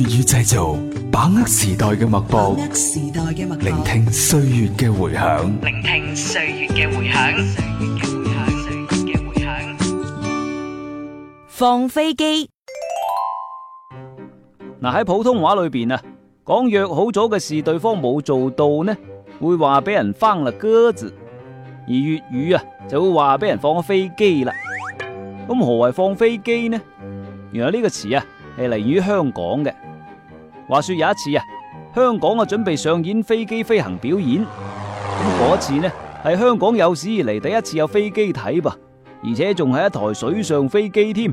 粵語製造，把握時代嘅脈搏，時代聆聽歲月嘅回響。聆聽歲月嘅回響。放飛機。嗱喺、啊、普通話裏邊啊，講約好咗嘅事，對方冇做到呢，會話俾人翻啦鴿子；而粵語啊，就會話俾人放咗飛機啦。咁何謂放飛機呢？原來呢個詞啊，係嚟源於香港嘅。話說有一次啊，香港啊準備上演飛機飛行表演。咁嗰次呢係香港有史以嚟，第一次有飛機睇噃，而且仲係一台水上飛機添。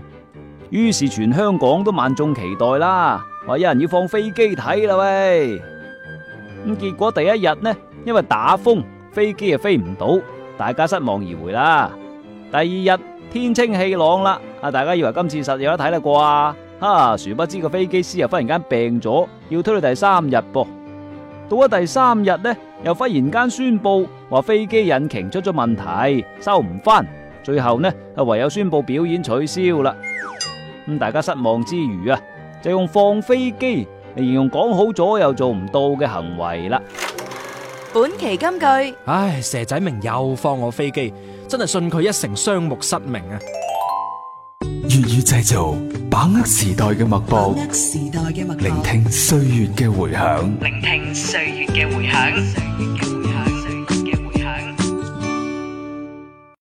於是全香港都萬眾期待啦，話有人要放飛機睇啦喂。咁結果第一日呢，因為打風，飛機啊飛唔到，大家失望而回啦。第二日天，天清氣朗啦，啊大家以為今次實有得睇啦啩？哈！殊不知個飛機師又忽然間病咗，要推到第三日噃。到咗第三日呢，又忽然間宣布話飛機引擎出咗問題，收唔返。最後呢，係唯有宣布表演取消啦。咁大家失望之餘啊，就用放飛機嚟形容講好咗又做唔到嘅行為啦。本期金句：唉、哎，蛇仔明又放我飛機，真係信佢一成雙目失明啊！粵語製造，把握時代嘅脈搏，搏聆聽歲月嘅回響。聆聽